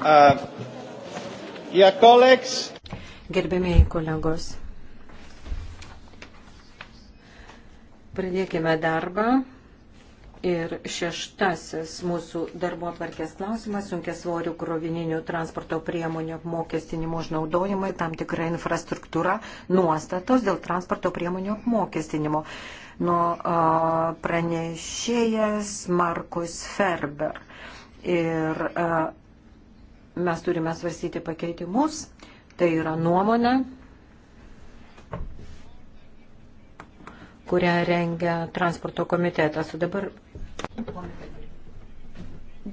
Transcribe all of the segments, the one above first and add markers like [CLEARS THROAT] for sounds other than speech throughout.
Uh, Gerbėmėjai kolegos, pradėkime darbą. Ir šeštasis mūsų darbo atvarkės klausimas, sunkia svorių krovininių transporto priemonių apmokestinimo užnaudojimai, tam tikra infrastruktūra, nuostatos dėl transporto priemonių apmokestinimo. Nuo pranešėjas Markus Ferber. Ir mes turime svarstyti pakeitimus, tai yra nuomonė, kurią rengia transporto komitetas. O dabar.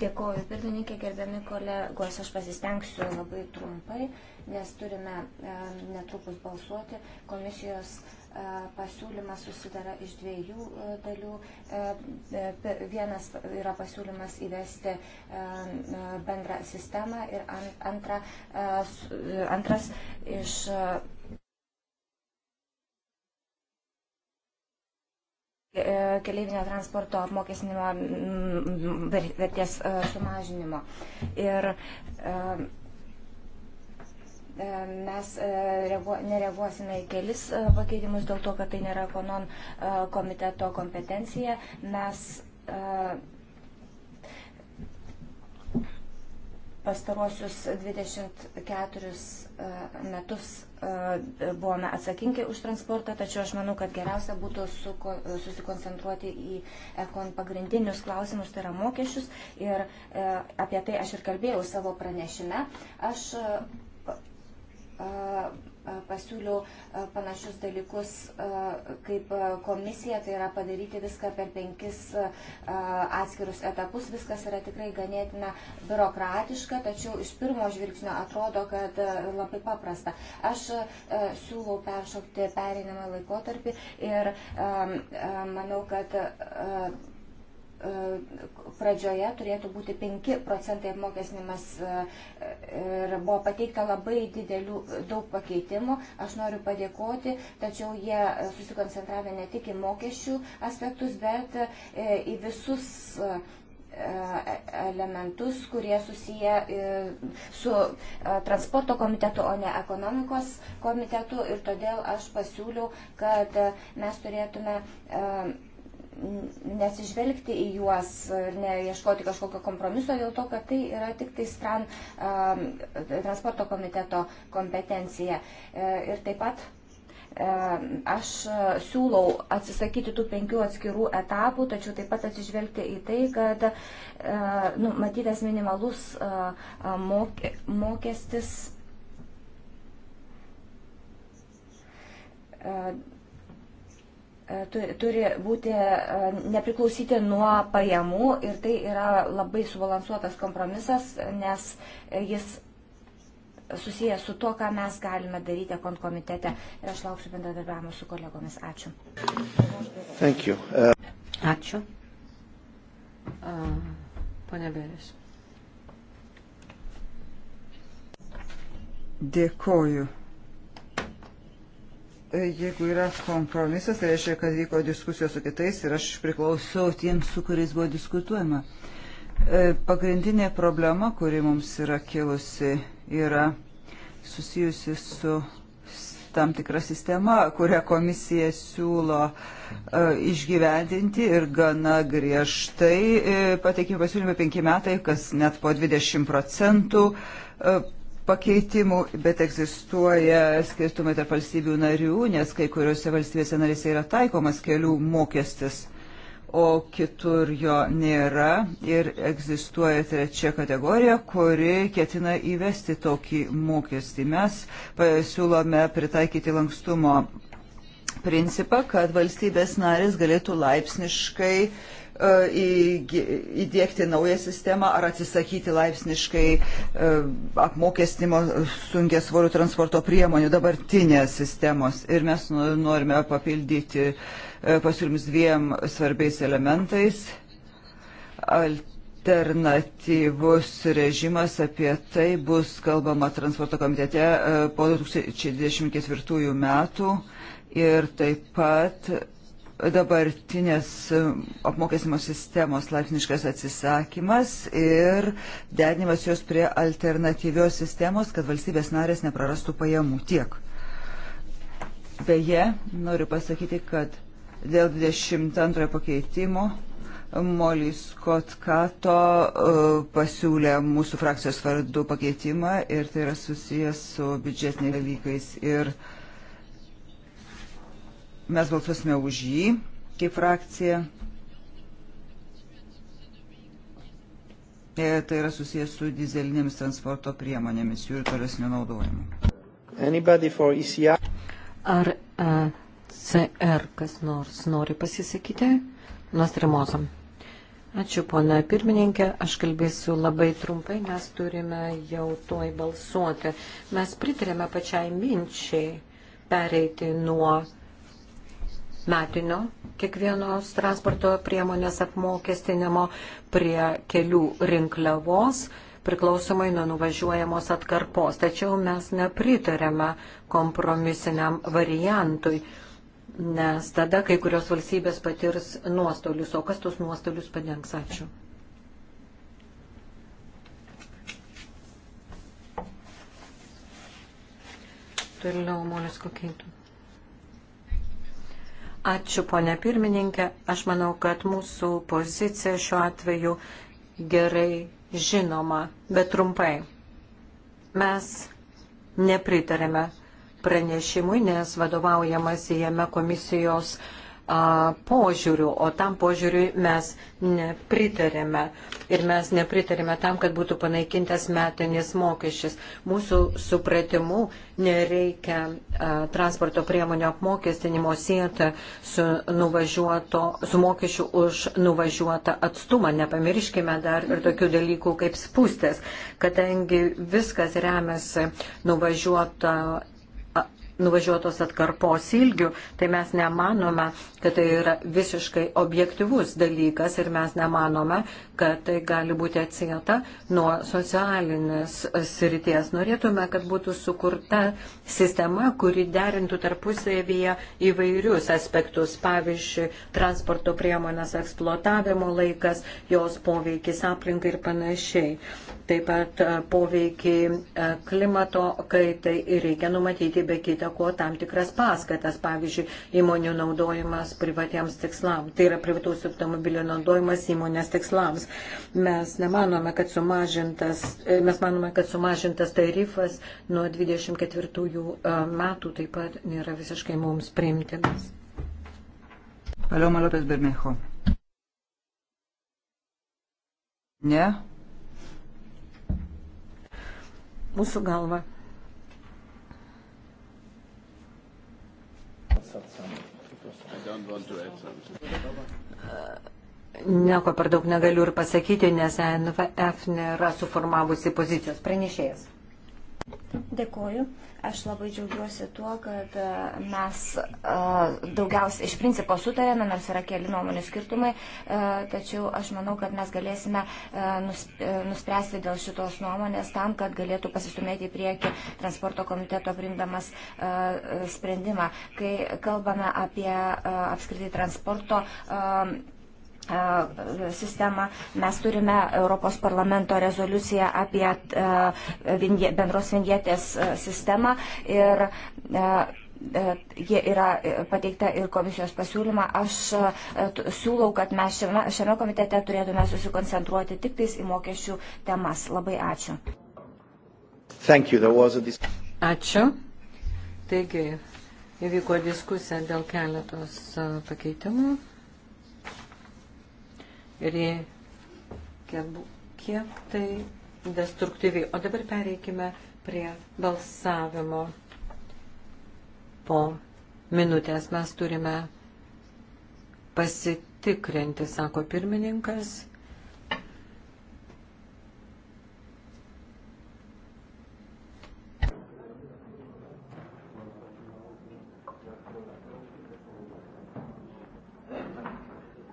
Dėkuoju, pirmininkė, gerbiami kolegos, aš pasistengsiu labai trumpai, nes turime e, netrukus balsuoti komisijos. E, E, pasiūlymas susidara iš dviejų e, dalių. E, vienas yra pasiūlymas įvesti bendrą sistemą ir antra, antras iš. keleivinio transporto apmokestinimo vertės sumažinimo. Ir E, mes e, reaguo, nereaguosime į kelis e, pakeitimus dėl to, kad tai nėra konon komiteto kompetencija. Mes pastaruosius 24 metus buvome atsakingi už transportą, tačiau aš manau, kad geriausia būtų suko, susikoncentruoti į ekon pagrindinius klausimus, tai yra mokesčius. Ir apie tai aš ir kalbėjau savo pranešime. Aš pasiūliau panašius dalykus kaip komisija, tai yra padaryti viską per penkis atskirus etapus. Viskas yra tikrai ganėtina biurokratiška, tačiau iš pirmo žvilgsnio atrodo, kad labai paprasta. Aš siūlau peršokti perinamą laikotarpį ir manau, kad pradžioje turėtų būti 5 procentai apmokesnimas e, ir buvo pateikta labai didelių, daug pakeitimų. Aš noriu padėkoti, tačiau jie susikoncentravę ne tik į mokesčių aspektus, bet e, į visus e, elementus, kurie susiję su transporto komitetu, o ne ekonomikos komitetu. Ir todėl aš pasiūliau, kad mes turėtume nesižvelgti į juos ir neieškoti kažkokio kompromiso dėl to, kad tai yra tik tai stran transporto komiteto kompetencija. E, ir taip pat e, aš siūlau atsisakyti tų penkių atskirų etapų, tačiau taip pat atsižvelgti į tai, kad e, nu, matytas minimalus mokestis turi būti e, nepriklausyti nuo pajamų ir tai yra labai subalansuotas kompromisas, nes jis susijęs su tuo, ką mes galime daryti konkomitete. Ir aš lauksiu bendradarbiavimo su kolegomis. Ačiū. Uh... Ačiū. Uh, Pane Beris. Dėkoju. Jeigu yra kompromisas, tai reiškia, kad vyko diskusijos su kitais ir aš priklausau tiems, su kuriais buvo diskutuojama. E, pagrindinė problema, kuri mums yra kilusi, yra susijusi su tam tikra sistema, kurią komisija siūlo e, išgyvendinti ir gana griežtai e, pateikime pasiūlymą 5 metai, kas net po 20 procentų pakeitimų, bet egzistuoja skirtumai tarp valstybių narių, nes kai kuriuose valstybėse narėse yra taikomas kelių mokestis, o kitur jo nėra. Ir egzistuoja trečia kategorija, kuri ketina įvesti tokį mokestį. Mes pasiūlome pritaikyti lankstumo principą, kad valstybės narės galėtų laipsniškai e, įdėkti naują sistemą ar atsisakyti laipsniškai e, apmokestimo sunkės svorių transporto priemonių dabartinės sistemos. Ir mes nu, norime papildyti e, pasiūlymus dviem svarbiais elementais. Alternatyvus režimas apie tai bus kalbama transporto komitete po 2024 metų ir taip pat dabartinės apmokestimo sistemos laipsniškas atsisakymas ir derinimas jos prie alternatyvios sistemos, kad valstybės narės neprarastų pajamų tiek. Beje, noriu pasakyti, kad dėl 22 pakeitimo Molis Kotkato e, pasiūlė mūsų frakcijos vardu pakeitimą ir tai yra susijęs su biudžetiniais dalykais ir uh, Mes balsuosime už jį kaip frakcija. E, tai yra susijęs su dizelinėmis transporto priemonėmis, jų ir tolesniu naudojimu. E Ar uh, e, CR kas nors nori pasisakyti? Nostrimozom. Ačiū, pona pirmininkė. Aš kalbėsiu labai trumpai, nes turime jau toj balsuoti. Mes pritarėme pačiai minčiai pereiti nuo metinio kiekvienos transporto priemonės apmokestinimo prie kelių rinkliavos priklausomai nuo nuvažiuojamos atkarpos. Tačiau mes nepritarėme kompromisiniam variantui, nes tada kai kurios valstybės patirs nuostolius, o kas tos nuostolius padengs? Ačiū. Toliau, molės kokiai tu. Ačiū, ponė pirmininkė. Aš manau, kad mūsų pozicija šiuo atveju gerai žinoma, bet trumpai. Mes nepritarėme pranešimui, nes vadovaujamas jame komisijos uh, požiūrių, o tam požiūriui mes nepritarėme. Ir mes nepritarėme tam, kad būtų panaikintas metinis mokesčius. Mūsų supratimu nereikia a, transporto priemonio apmokestinimo sieti su, su mokesčiu už nuvažiuotą atstumą. Nepamirškime dar ir tokių dalykų kaip spūstis, kadangi viskas remiasi nuvažiuotą nuvažiuotos atkarpos ilgių, tai mes nemanome, kad tai yra visiškai objektivus dalykas ir mes nemanome, kad tai gali būti atsijata nuo socialinės srities. Norėtume, kad būtų sukurta sistema, kuri derintų tarpusavėje įvairius aspektus, pavyzdžiui, transporto priemonės eksploatavimo laikas, jos poveikis aplinkai ir panašiai. Taip pat poveikį e, klimato kaitai ir reikia numatyti be kita ko tam tikras paskatas, pavyzdžiui, įmonių naudojimas privatiems tikslams, tai yra privataus automobilio naudojimas įmonės tikslams. Mes nemanome, kad sumažintas, e, mes manome, kad sumažintas tarifas nuo 24 e, metų taip pat nėra visiškai mums priimtinas. Paloma López Bermejo. Ne. Mūsų galva Nieko per daug negaliu ir pasakyti, nes NFF nėra suformavusi pozicijos pranešėjas. Dėkoju. Aš labai džiaugiuosi tuo, kad e, mes e, daugiausiai iš principo sutarėme, nors yra keli nuomonių skirtumai, e, tačiau aš manau, kad mes galėsime nuspręsti dėl šitos nuomonės tam, kad galėtų pasistumėti į priekį transporto komiteto priimdamas sprendimą. Kai kalbame apie apskritai transporto E, sistemą. Mes turime Europos parlamento rezoliuciją apie e, bendros vingietės e, sistemą ir jie yra pateikta ir komisijos pasiūlymą. Aš siūlau, kad mes šiame, šiame komitete turėtume susikoncentruoti tik tais į mokesčių temas. Labai ačiū. Ačiū. Taigi, įvyko diskusija dėl keletos pakeitimų reikia, kiek tai destruktyviai. O dabar pereikime prie balsavimo po minutės. Mes turime pasitikrinti, sako pirmininkas,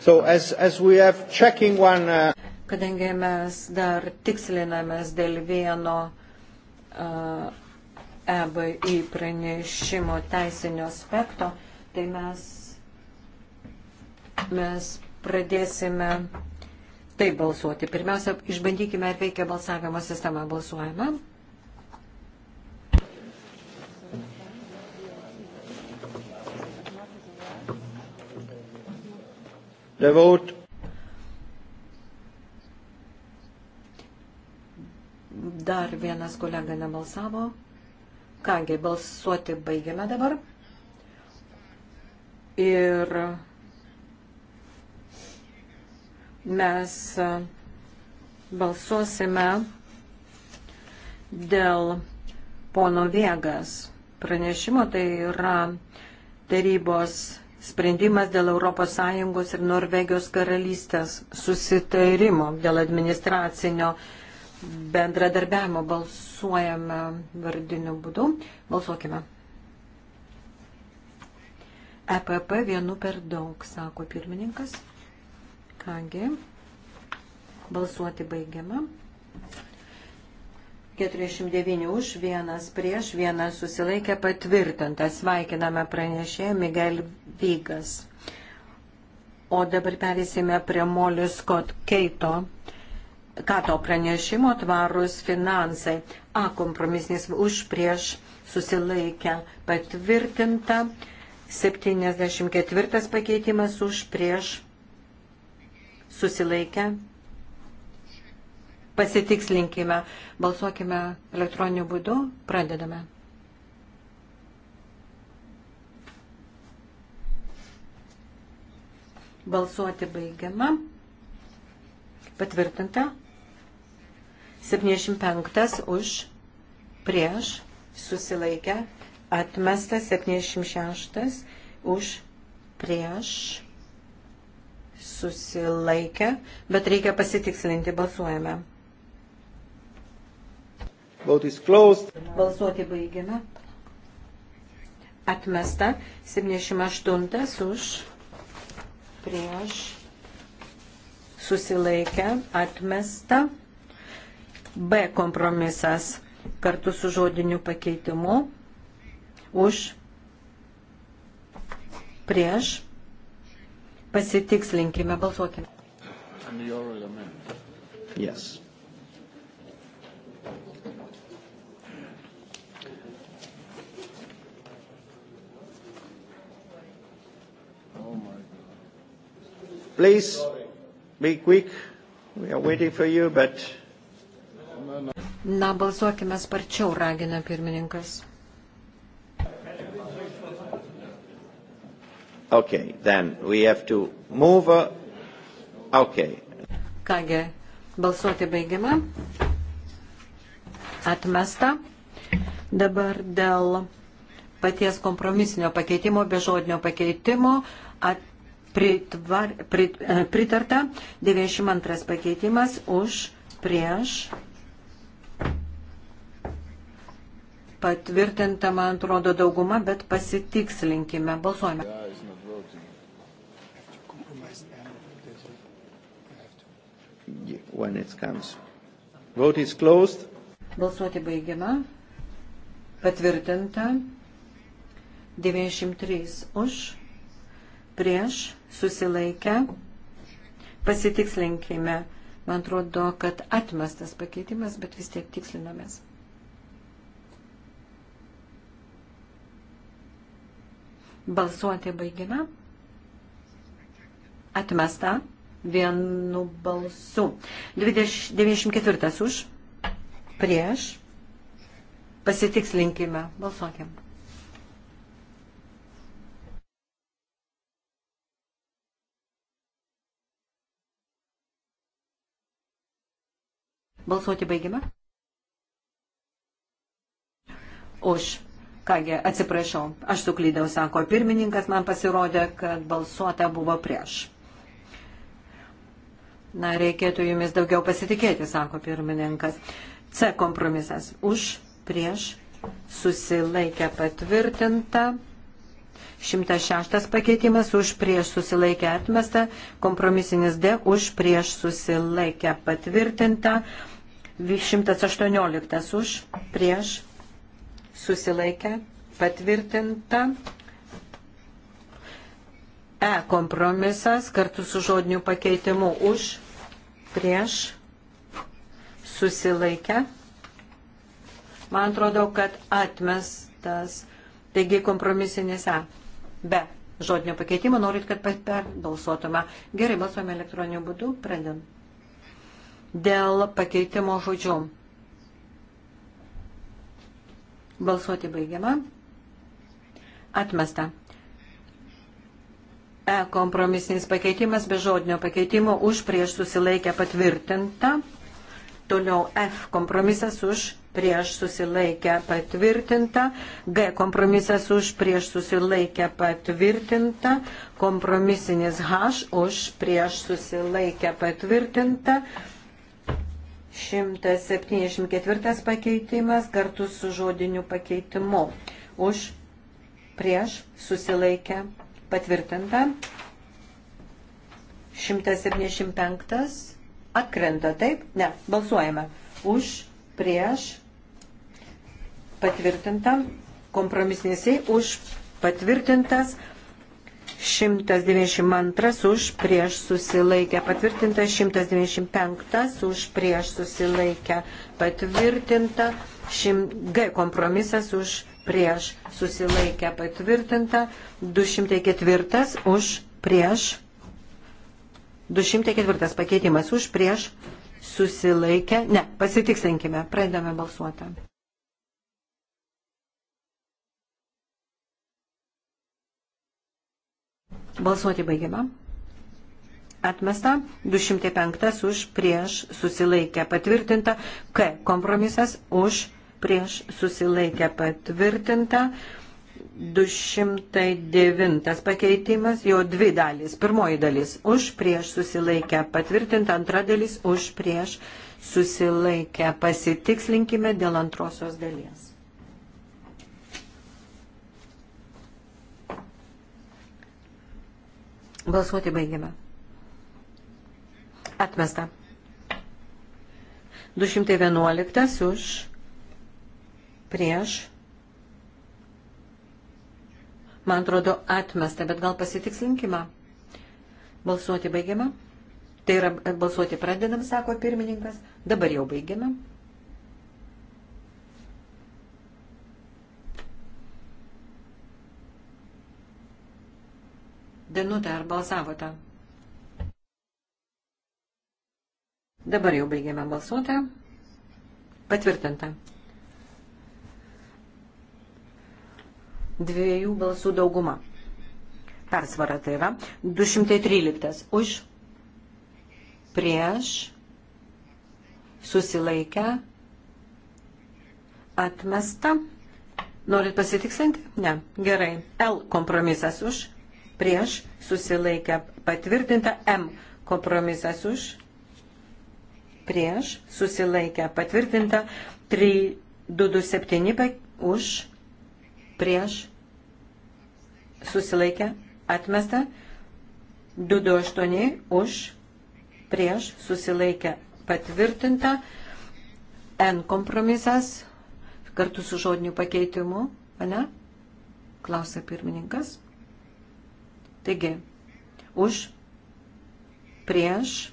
So as, as we have checking one, uh... Kadangi mes dar tikslinamės dėl vieno uh, EBI pranešimo teisinio aspekto, tai mes, mes pradėsime taip balsuoti. Pirmiausia, išbandykime, ar veikia balsavimo sistema. Balsuojame. The vote. Dar vienas kolega nebalsavo. Kągi, balsuoti baigiame dabar. Ir mes balsuosime dėl pono Viegas pranešimo, tai yra tarybos sprendimas dėl ES ir Norvegijos karalystės susitarimo dėl administracinio bendradarbiavimo balsuojame vardiniu būdu. Balsuokime. EPP vienu per daug, sako pirmininkas. Kągi, balsuoti baigiama. 49 už, vienas prieš, vienas susilaikė patvirtinta. Sveikiname pranešėją Miguel Vygas. O dabar perėsime prie Molius Scott Keito. Kato pranešimo tvarus finansai. A kompromisnis už prieš susilaikę patvirtinta. 74 pakeitimas už prieš susilaikę pasitikslinkime. Balsuokime elektroniniu būdu. Pradedame. Balsuoti baigiama. Patvirtinta. 75 už prieš susilaikę. Atmestas 76 už prieš susilaikę. Bet reikia pasitikslinti. Balsuojame. Vote is closed. Balsuoti baigiame. Atmesta 78 už prieš susilaikę atmesta. B kompromisas kartu su žodiniu pakeitimu už prieš pasitikslinkime balsuokime. Yes. Please be quick. We are waiting for you, but. Na, balsuokime sparčiau, ragina pirmininkas. Okay, then we have to move. Uh, okay. Kągi, balsuoti baigiame. Atmesta. Dabar dėl paties kompromisinio pakeitimo, be žodinio pakeitimo at, pritvar, prit, e, pritarta, 92 pakeitimas už prieš patvirtinta, man atrodo, dauguma, bet pasitikslinkime, balsuojame. Balsuoti baigiama. Patvirtinta. 93 už prieš, susilaikę, pasitikslinkime. Man atrodo, kad atmestas pakeitimas, bet vis tiek tikslinomės. Balsuoti baigime. Atmesta vienu balsu. 20, 94 už, prieš, pasitikslinkime, balsuokime. Balsuoti baigime. Už. Kągi, atsiprašau, aš suklydau, sako pirmininkas, man pasirodė, kad balsuota buvo prieš. Na, reikėtų jumis daugiau pasitikėti, sako pirmininkas. C kompromisas. Už, prieš, susilaikę patvirtinta. 106 pakeitimas už prieš susilaikę atmestą, kompromisinis D už prieš susilaikę patvirtinta, 118 už, prieš, susilaikę, patvirtinta. E kompromisas kartu su žodiniu pakeitimu už, prieš, susilaikę. Man atrodo, kad atmestas. Taigi kompromisinės E. Be žodinio pakeitimo norit, kad perbalsuotume. Gerai, balsuojame elektroniniu būdu. Pradedam dėl pakeitimo žodžių. Balsuoti baigiama. Atmesta. E kompromisinis pakeitimas be žodinio pakeitimo už prieš susilaikę patvirtinta. Toliau F kompromisas už prieš susilaikę patvirtinta. G kompromisas už prieš susilaikę patvirtinta. Kompromisinis H už prieš susilaikę patvirtinta. 174 pakeitimas kartu su žodiniu pakeitimu. Už prieš susilaikę patvirtinta. 175 atkrenta, taip? Ne, balsuojame. Už prieš patvirtinta. Kompromisnėsiai už patvirtintas. 192 už prieš susilaikę patvirtinta, 195 už prieš susilaikę patvirtinta, G kompromisas už prieš susilaikę patvirtinta, 204 už prieš, 204 pakeitimas už prieš susilaikę, ne, pasitikslinkime, pradedame balsuoti. Balsuoti baigiama. Atmesta 205 už prieš susilaikę patvirtinta, K kompromisas už prieš susilaikę patvirtinta, 209 pakeitimas, jo dvi dalys. Pirmoji dalis už prieš susilaikę patvirtinta, antra dalis už prieš susilaikę pasitikslinkime dėl antrosios dalies. Balsuoti baigiame. Atmesta. 211 už prieš. Man atrodo atmesta, bet gal pasitikslinkime. Balsuoti baigiame. Tai yra balsuoti pradedam, sako pirmininkas. Dabar jau baigiame. Danuta, ar balsavote? Dabar jau baigėme balsuoti. Patvirtinta. Dviejų balsų dauguma. Persvara tai yra 213 už, prieš, susilaikę, atmesta. Norit pasitikslinti? Ne. Gerai. L kompromisas už, prieš susilaikę patvirtinta M kompromisas už prieš susilaikę patvirtinta 3227 už prieš susilaikę atmesta 228 už prieš susilaikę patvirtinta N kompromisas kartu su žodiniu pakeitimu, ane? Klausia pirmininkas. Taigi, už, prieš,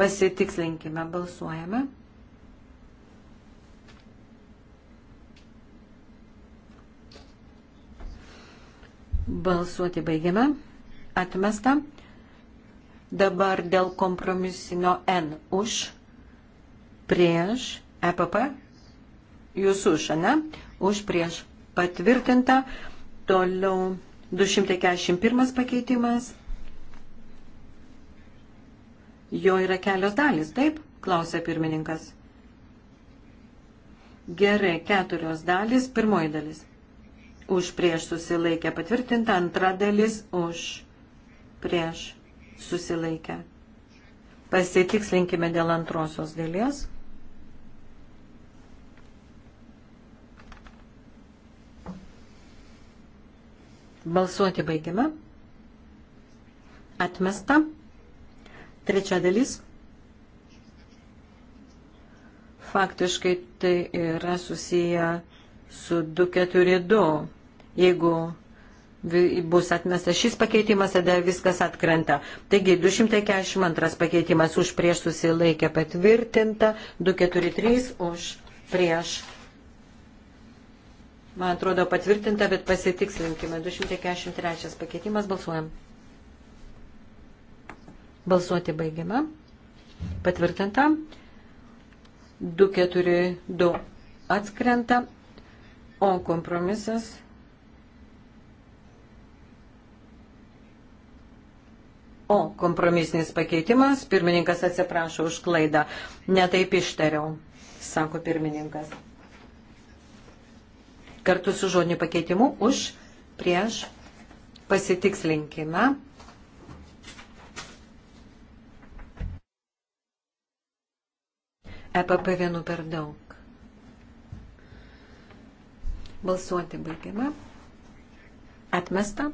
pasitikslinkime, balsuojame. Balsuoti baigiame. Atmesta. Dabar dėl kompromisinio N už, prieš, EPP, jūs už, ne? Už, prieš, patvirtinta. Toliau 241 pakeitimas. Jo yra kelios dalys, taip? Klausė pirmininkas. Gerai, keturios dalys, pirmoji dalis. Už prieš susilaikę patvirtinta, antra dalis už prieš susilaikę. Pasitikslinkime dėl antrosios dalies. Balsuoti baigiame. Atmesta. Trečia dalis. Faktiškai tai yra susiję su 242. Jeigu bus atmestas šis pakeitimas, tada viskas atkrenta. Taigi 242 pakeitimas už prieš susilaikę patvirtinta, 243 už prieš Man atrodo patvirtinta, bet pasitikslinkime. 243 pakeitimas balsuojam. Balsuoti baigiama. Patvirtinta. 242 atskrenta. O kompromisas. O kompromisinis pakeitimas. Pirmininkas atsiprašo už klaidą. Netaip ištariau, sako pirmininkas kartu su žodiniu pakeitimu už prieš pasitikslinkime. EPP vienu per daug. Balsuoti baigiame. Atmesta.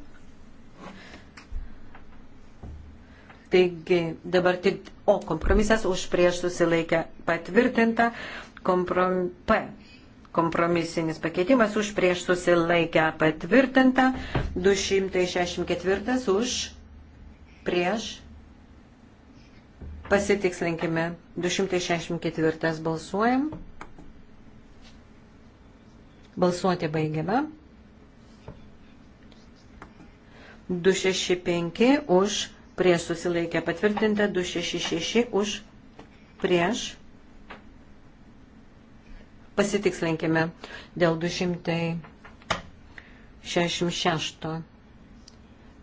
Taigi dabar tik, o kompromisas už prieš susilaikę patvirtinta, komprom, P Kompromisinis pakeitimas už prieš susilaikę patvirtinta. 264 už prieš. Pasitikslinkime. 264 balsuojam. Balsuoti baigiame. 265 už prieš susilaikę patvirtinta. 266 už prieš pasitikslinkime dėl 266.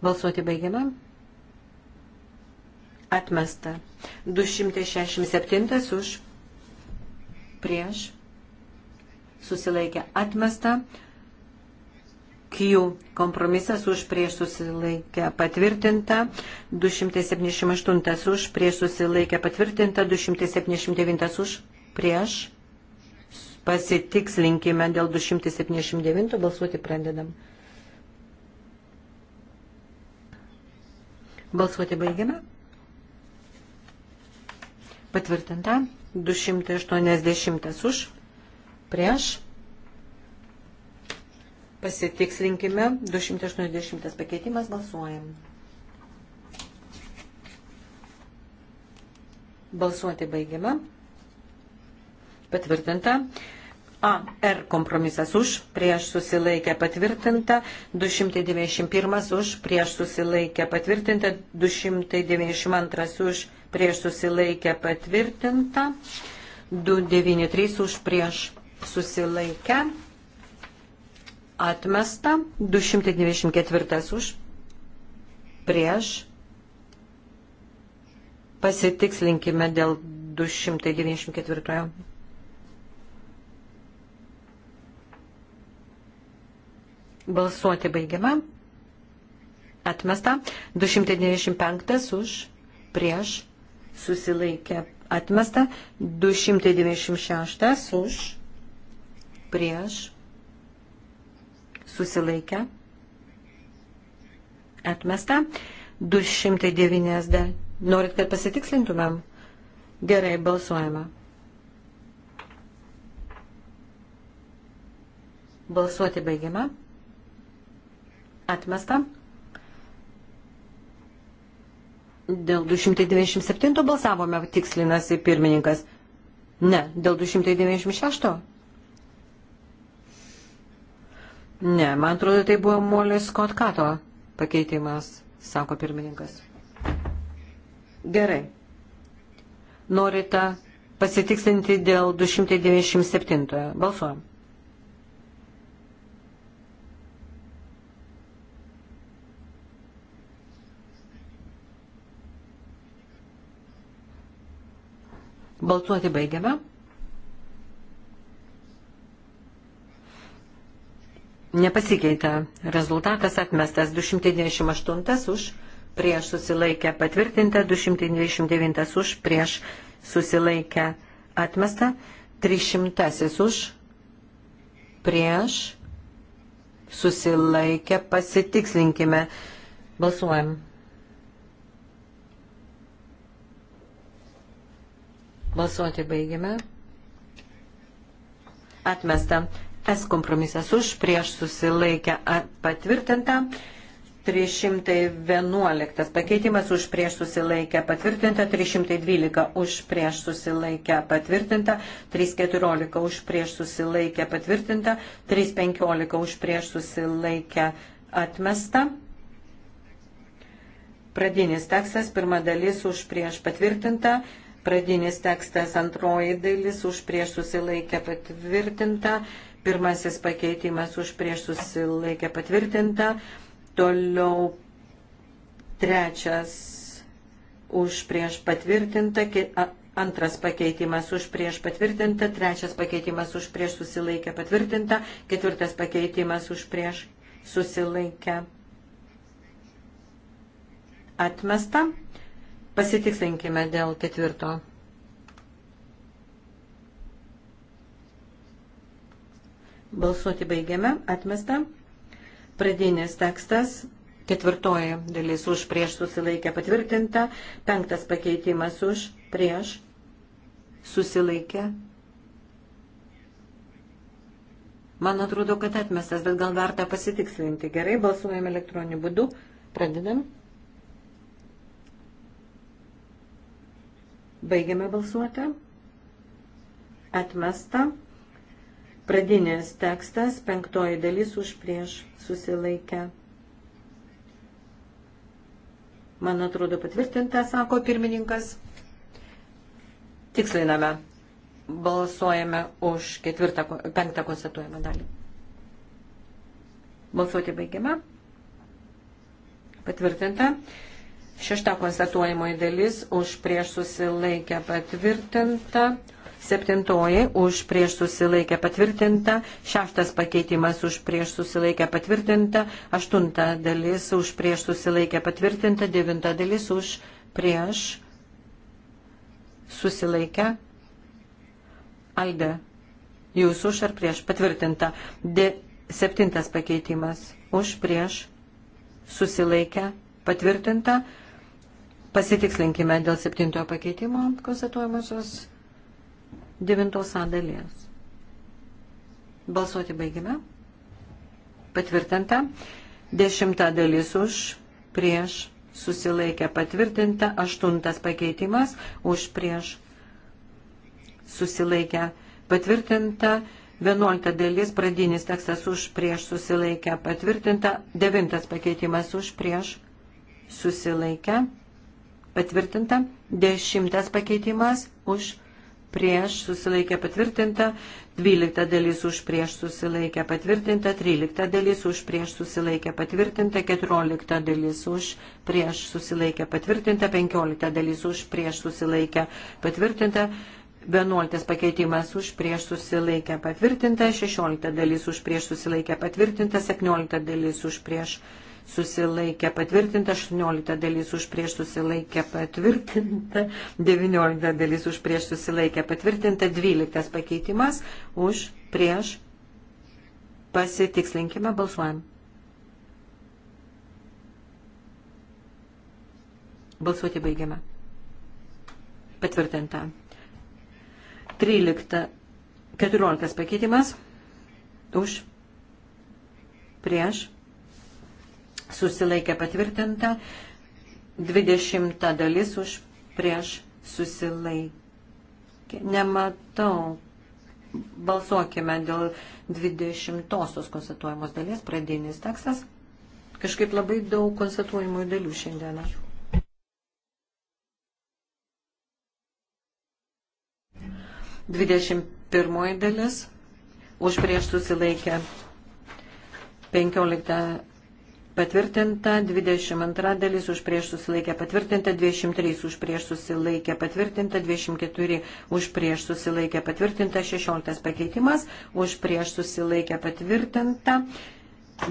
Balsuoti baigiame. Atmesta. 267 už prieš. Susilaikė atmesta. Q kompromisas už prieš susilaikę patvirtinta, 278 už prieš susilaikę patvirtinta, 279 už prieš Pasitikslinkime dėl 279, balsuoti pradedam. Balsuoti baigiame. Patvirtinta. 280 už. Prieš. Pasitikslinkime. 280 pakeitimas. Balsuojam. Balsuoti baigiame. Patvirtinta. AR kompromisas už, prieš susilaikę patvirtinta, 291 už, prieš susilaikę patvirtinta, 292 už, prieš susilaikę patvirtinta, 293 už, prieš susilaikę atmesta, 294 už, prieš pasitikslinkime dėl 294. Balsuoti baigiama. Atmesta. 295 už prieš susilaikė. Atmesta. 296 už prieš susilaikę. Atmesta. 290. Norit, kad pasitikslintumėm? Gerai, balsuojama. Balsuoti baigiama. Atmesta. Dėl 297 balsavome, tikslinasi pirmininkas. Ne, dėl 296. Ne, man atrodo, tai buvo Molis Scott Kato pakeitimas, sako pirmininkas. Gerai. Norite pasitikslinti dėl 297. Balsuojam. Balsuoti baigiame. Nepasikeitė rezultatas atmestas 298 už prieš susilaikę patvirtinta, 229 už prieš susilaikę atmestą, 300 už prieš susilaikę pasitikslinkime. Balsuojam. Balsuoti baigiame. Atmesta. S kompromisas už, prieš susilaikę patvirtinta. 311 pakeitimas už prieš susilaikę patvirtinta, 312 už prieš susilaikę patvirtinta, 314 už prieš susilaikę patvirtinta, 315 už prieš susilaikę atmesta. Pradinis tekstas, pirma dalis už prieš patvirtinta, Pradinis tekstas antroji dalis už prieš susilaikę patvirtinta. Pirmasis pakeitimas už prieš susilaikę patvirtinta. Toliau trečias už prieš patvirtinta. Antras pakeitimas už prieš patvirtinta, trečias pakeitimas už prieš susilaikę patvirtinta, ketvirtas pakeitimas už prieš susilaikę atmesta. Pasitikslinkime dėl ketvirto. Balsuoti baigiame. Atmesta. Pradinis tekstas. Ketvirtoji dalis už prieš susilaikę patvirtinta. Penktas pakeitimas už prieš susilaikę. Man atrodo, kad atmestas, bet gal verta pasitikslinti. Gerai, balsuojame elektroniniu būdu. Pradedam. Baigiame balsuoti. Atmesta. Pradinis tekstas, penktoji dalis už prieš susilaikę. Man atrodo patvirtinta, sako pirmininkas. Tiksliname. Balsuojame už ketvirtą, penktą konstatuojamą dalį. Balsuoti baigiame. Patvirtinta. Šešta konstatuojamoji dalis už prieš susilaikę patvirtinta. Septintoji už prieš susilaikę patvirtinta. Šeštas pakeitimas už prieš susilaikę patvirtinta. Aštunta dalis už prieš susilaikę patvirtinta. Devinta dalis už prieš susilaikę. Alde, jūs už ar prieš patvirtinta. De, septintas pakeitimas už prieš susilaikę patvirtinta. Pasitikslinkime dėl septintojo pakeitimo konstatuojamosios devintos A dalies. Balsuoti baigime. Patvirtinta. Dešimta dalis už, prieš, susilaikė patvirtinta. Aštuntas pakeitimas už, prieš, susilaikė patvirtinta. Vienuolta dalis pradinis tekstas už, prieš, susilaikė patvirtinta. Devintas pakeitimas už, prieš, susilaikė patvirtinta patvirtinta, dešimtas pakeitimas už prieš susilaikę patvirtinta, dvylikta dalis už prieš susilaikę patvirtinta, trylikta dalis už prieš susilaikę patvirtinta, keturiolikta dalis už prieš susilaikę patvirtinta, penkiolikta dalis už prieš susilaikę patvirtinta, 11 pakeitimas už prieš susilaikę patvirtinta, 16 dalis už prieš susilaikę patvirtinta, 17 dalis už prieš susilaikė patvirtinta, 18 dalis už prieš susilaikė patvirtinta, 19 dalis už prieš susilaikė patvirtinta, 12 pakeitimas už prieš pasitikslinkime balsuojam. Balsuoti baigiame. Patvirtinta. 13, 14 pakeitimas už prieš susilaikė patvirtinta, 20 dalis už prieš susilaikė. Nematau. Balsuokime dėl 20-osios konstatuojamos dalies, pradinis tekstas. Kažkaip labai daug konstatuojamųjų dalių šiandieną. Dvidešimt pirmoji dalis, už prieš susilaikę penkioliktą patvirtinta, 22 dalis už prieš susilaikę patvirtinta, 23 už prieš susilaikę patvirtinta, 24 už prieš susilaikę patvirtinta, 16 pakeitimas už prieš susilaikę patvirtinta.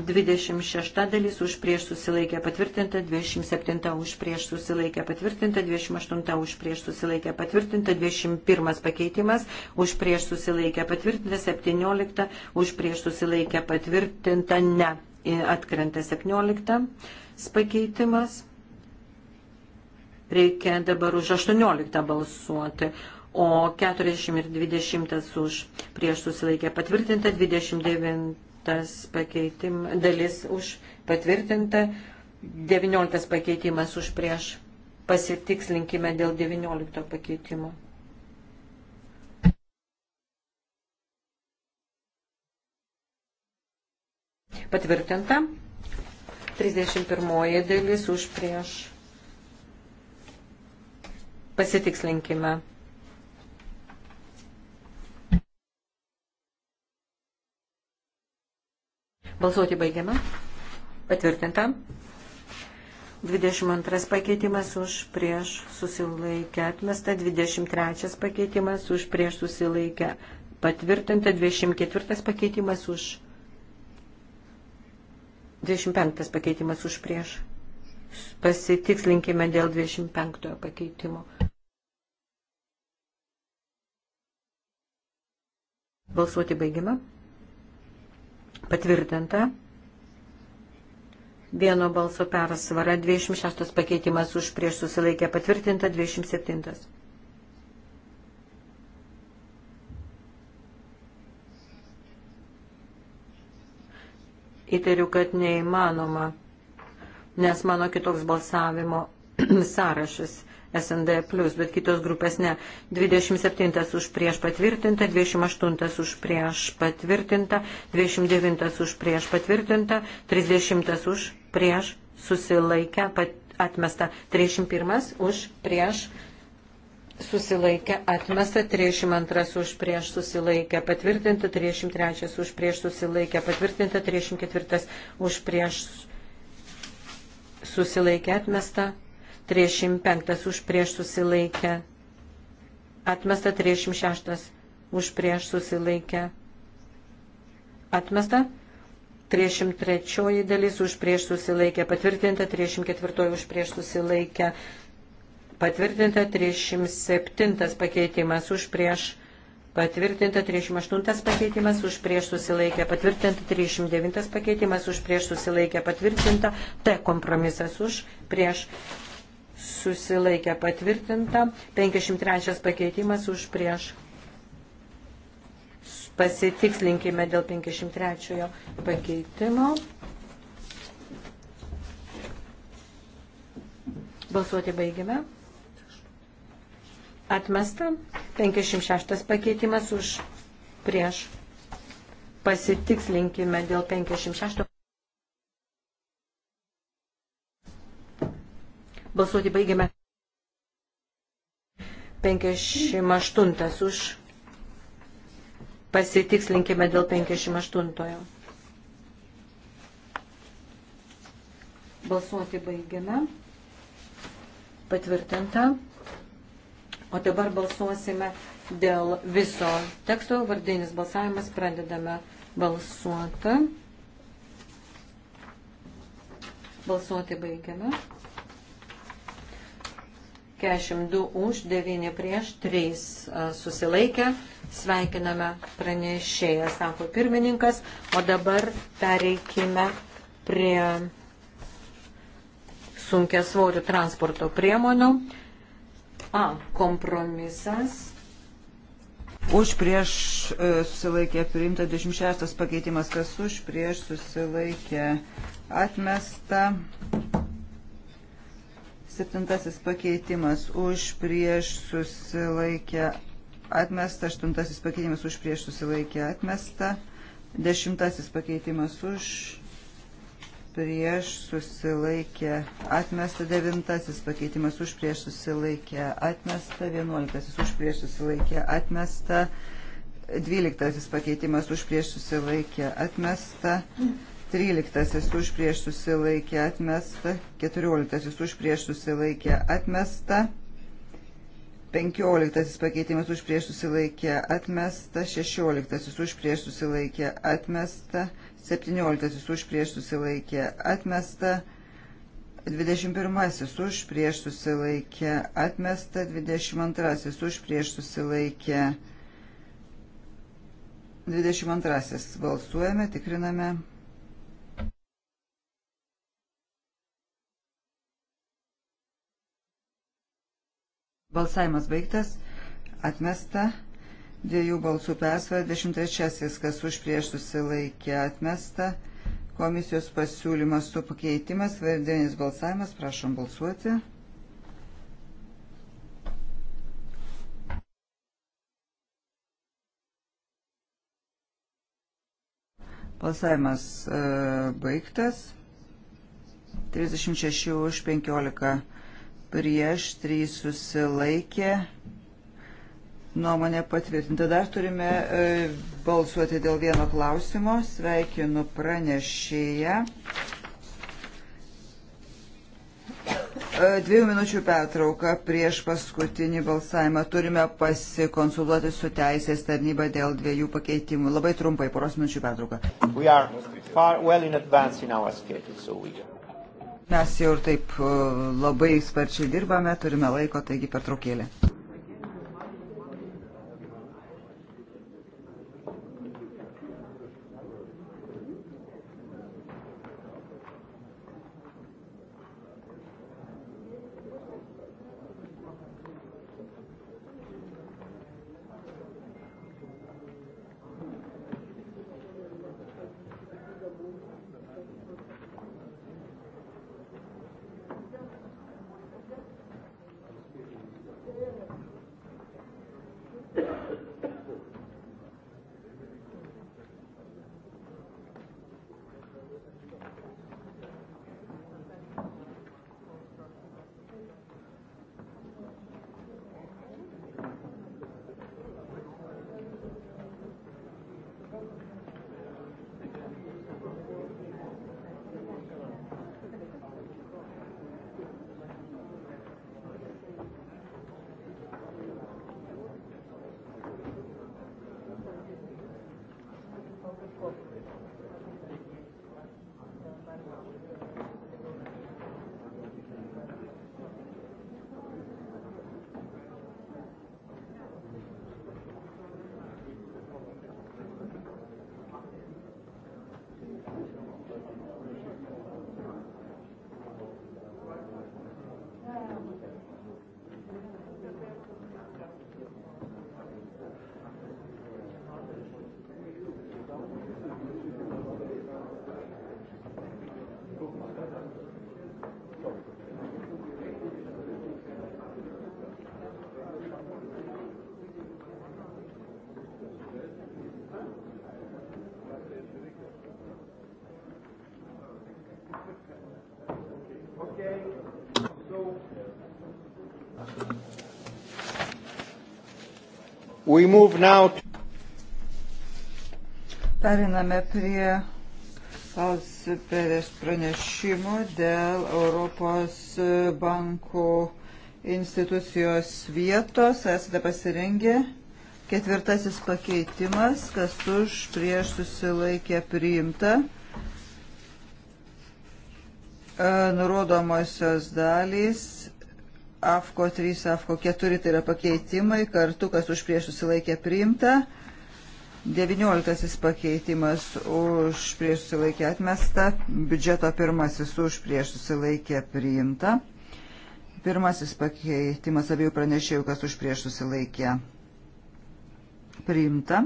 26 dalis už prieš susilaikę patvirtinta, 27 už prieš susilaikę patvirtinta, 28 už prieš susilaikę patvirtinta, 21 pakeitimas už prieš susilaikę patvirtinta, 17 už prieš susilaikę patvirtinta ne atkrenta 17 pakeitimas. Reikia dabar už 18 balsuoti, o 40 ir 20 už prieš susilaikė patvirtinta, 29 pakeitim, dalis už patvirtinta, 19 pakeitimas už prieš. Pasitikslinkime dėl 19 pakeitimo. Patvirtinta. 31 dalis už prieš. Pasitikslinkime. Balsuoti baigiame. Patvirtinta. 22 pakeitimas už prieš susilaikę atmesta, 23 pakeitimas už prieš susilaikę patvirtinta, 24 pakeitimas už 25 pakeitimas už prieš. Pasitikslinkime dėl 25 pakeitimo. Balsuoti baigimą. Patvirtinta. Vieno balso persvara 26 pakeitimas už prieš susilaikę patvirtinta 27. įtariu, kad neįmanoma, nes mano kitoks balsavimo [CLEARS THROAT] sąrašas SND, bet kitos grupės ne. 27 už prieš patvirtinta, 28 už prieš patvirtinta, 29 už prieš patvirtinta, 30 už prieš susilaikę atmesta, 31 už prieš patvirtinta susilaikė atmesta, 32 už prieš susilaikė patvirtinta, 33 už prieš susilaikė patvirtinta, 34 už prieš susilaikė atmesta, 35 už prieš susilaikė atmesta, 36 už prieš susilaikė atmesta. 33 dalis už prieš susilaikę patvirtinta, 34 už prieš susilaikę Patvirtinta 307 pakeitimas už prieš. Patvirtinta 308 pakeitimas už prieš susilaikę. Patvirtinta 309 pakeitimas už prieš susilaikę. Patvirtinta T kompromisas už prieš susilaikę. Patvirtinta 53 pakeitimas už prieš pasitikslinkime dėl 53 pakeitimo. Balsuoti baigime. Atmesta. 56 pakeitimas už prieš. Pasitikslinkime dėl 56. Balsuoti baigiame. 58 už. Pasitikslinkime dėl 58. Balsuoti baigiame. Patvirtinta. O dabar balsuosime dėl viso teksto. Vardinis balsavimas pradedame balsuoti. Balsuoti baigiame. 42 už, 9 prieš, 3 susilaikę. Sveikiname pranešėją, sako pirmininkas. O dabar pereikime prie sunkia svorių transporto priemonių. A kompromisas. Už prieš e, susilaikė priimta 26 pakeitimas, kas už prieš susilaikė atmesta. Septintasis pakeitimas už prieš susilaikė atmesta. Aštuntasis pakeitimas už prieš susilaikė atmesta. Dešimtasis pakeitimas už prieš susilaikė atmesta, devintasis pakeitimas už prieš susilaikė atmesta, vienuoliktasis už prieš susilaikė atmesta, dvyliktasis pakeitimas už prieš susilaikė atmesta, tryliktasis už prieš susilaikė atmesta, keturioliktasis už prieš susilaikė atmesta. 15 pakeitimas už prieš susilaikė atmesta, 16 už prieš susilaikė atmesta, 17 už prieš susilaikė atmesta, 21 už prieš susilaikė atmesta, 22 už prieš susilaikė 22 balsuojame, tikriname. Balsavimas baigtas, atmesta dviejų balsų persvarą, 23 kas už prieš susilaikė atmesta, komisijos pasiūlymas su pakeitimas, vardienis balsavimas, prašom balsuoti. Balsavimas e, baigtas. 36 už 15 prieš 3 susilaikė nuomonė patvirtinta. Dar turime e, balsuoti dėl vieno klausimo. Sveikinu pranešėją. E, dviejų minučių pertrauka prieš paskutinį balsavimą. Turime pasikonsultuoti su teisės tarnyba dėl dviejų pakeitimų. Labai trumpai, poros minučių pertrauka. Well schedule, so we... Mes jau ir taip e, labai sparčiai dirbame, turime laiko, taigi pertraukėlė. Periname prie Salsiperės pranešimo dėl Europos bankų institucijos vietos. Esate pasirengę? Ketvirtasis pakeitimas, kas už prieš susilaikė priimta. E, nurodomosios dalys AFKO 3, AFKO 4 tai yra pakeitimai, kartu kas už prieš susilaikė priimta. 19 pakeitimas už prieš susilaikė atmesta, biudžeto pirmasis už prieš susilaikė priimta. Pirmasis pakeitimas abiejų pranešėjų, kas už prieš susilaikė. Priimta.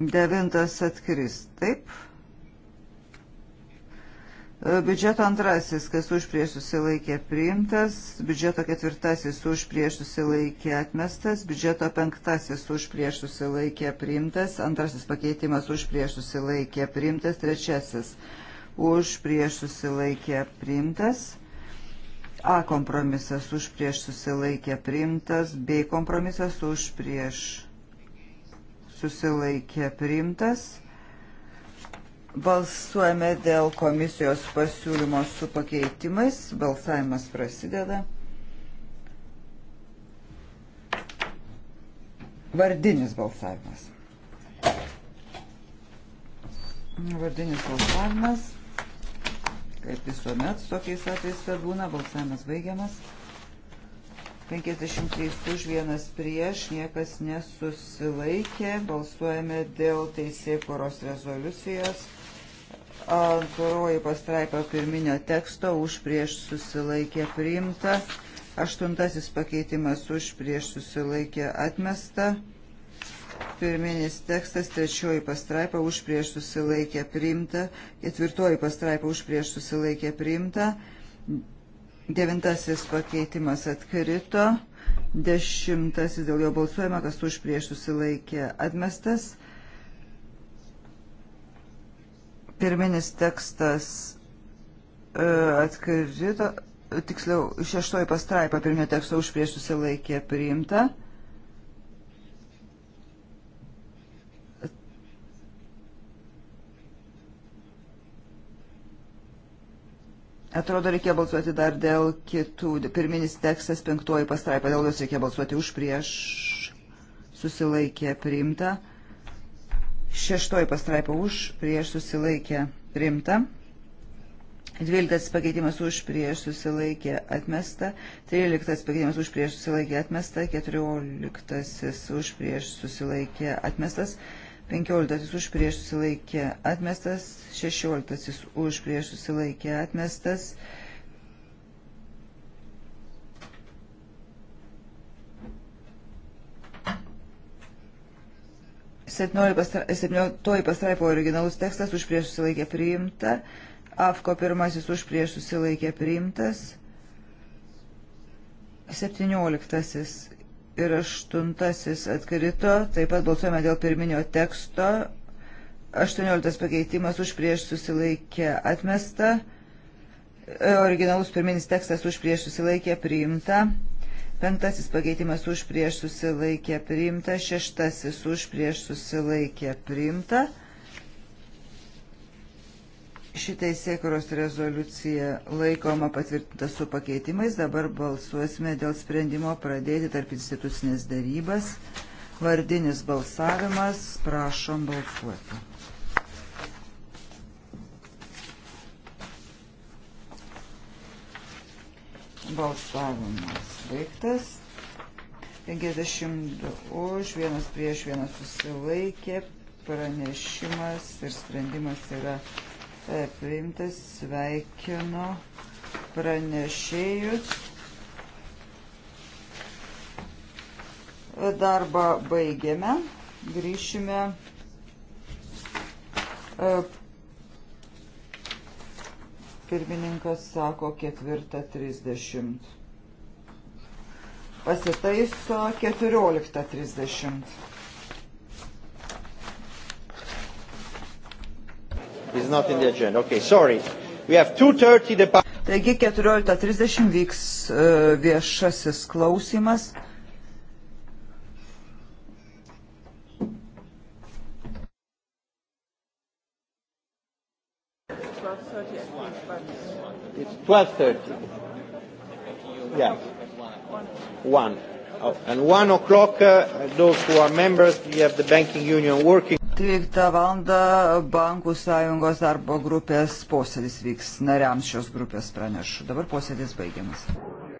Devintas atkris. Taip. E, biudžeto antrasis, kas už prieš susilaikė priimtas, biudžeto ketvirtasis už prieš susilaikė atmestas, biudžeto penktasis už prieš susilaikė priimtas, antrasis pakeitimas už prieš susilaikė priimtas, trečiasis už prieš susilaikė priimtas. A kompromisas už prieš susilaikė priimtas, B kompromisas už prieš susilaikė priimtas. Balsuojame dėl komisijos pasiūlymo su pakeitimais. Balsavimas prasideda. Vardinis balsavimas. Vardinis balsavimas. Kaip visuomet, tokiais atvejais būna, balsavimas baigiamas. 53 už vienas prieš, niekas nesusilaikė. Balsuojame dėl teisėkuros rezoliucijos. Antroji pastraipa pirminio teksto už prieš susilaikė priimta. Aštuntasis pakeitimas už prieš susilaikė atmesta. Pirminis tekstas, trečioji pastraipa už prieš susilaikė priimta. Ketvirtoji pastraipa už prieš susilaikė priimta. Devintasis pakeitimas atkrito. Dešimtasis dėl jo balsuojama, kas už prieš susilaikė atmestas. Pirminis tekstas e, atkrito, tiksliau, šeštoji pastraipa pirminio teksto už prieš susilaikė priimta. Atrodo, reikėjo balsuoti dar dėl kitų. Pirminis tekstas, penktoji pastraipa, dėl jos reikėjo balsuoti už prieš susilaikė priimta. Šeštoji pastraipa už, prieš susilaikę primta. Dvyliktas pakeitimas už prieš susilaikė atmesta, tryliktas pakeitimas už prieš susilaikė atmesta, keturioliktasis už prieš susilaikė atmestas, penkioliktasis už prieš susilaikė atmestas, šešioliktasis už prieš susilaikė atmestas. 15, 17 pastraipo originalus tekstas už prieš susilaikė priimta. AFKO pirmasis už prieš susilaikė priimtas. 17 ir 8 atkrito. Taip pat balsuojame dėl pirminio teksto. 18 pakeitimas už prieš susilaikė atmesta. E, originalus pirminis tekstas už prieš susilaikė priimta. Penktasis pakeitimas už prieš susilaikė priimta. Šeštasis už prieš susilaikė priimta. Šitai sėkros rezoliucija laikoma patvirtinta su pakeitimais. Dabar balsuosime dėl sprendimo pradėti tarp institucinės darybas. Vardinis balsavimas. Prašom balsuoti. Balsavimas baigtas. 52 už, vienas prieš, vienas susilaikė. Pranešimas ir sprendimas yra e, priimtas. Sveikinu pranešėjus. Darbą baigėme. Grįšime. E, pirmininkas sako ketvirtą trisdešimt. Pasitaiso keturioliktą trisdešimt. is not in the agenda. Okay, sorry. We have 2.30 the... Taigi 14.30 vyks uh, viešasis klausimas. 12.30. Yeah. 1. Oh, and 1 o'clock, uh, those who are members, we have the banking union working. 13 val. Bankų sąjungos darbo grupės posėdis vyks nariams šios grupės pranešu. Dabar posėdis baigiamas.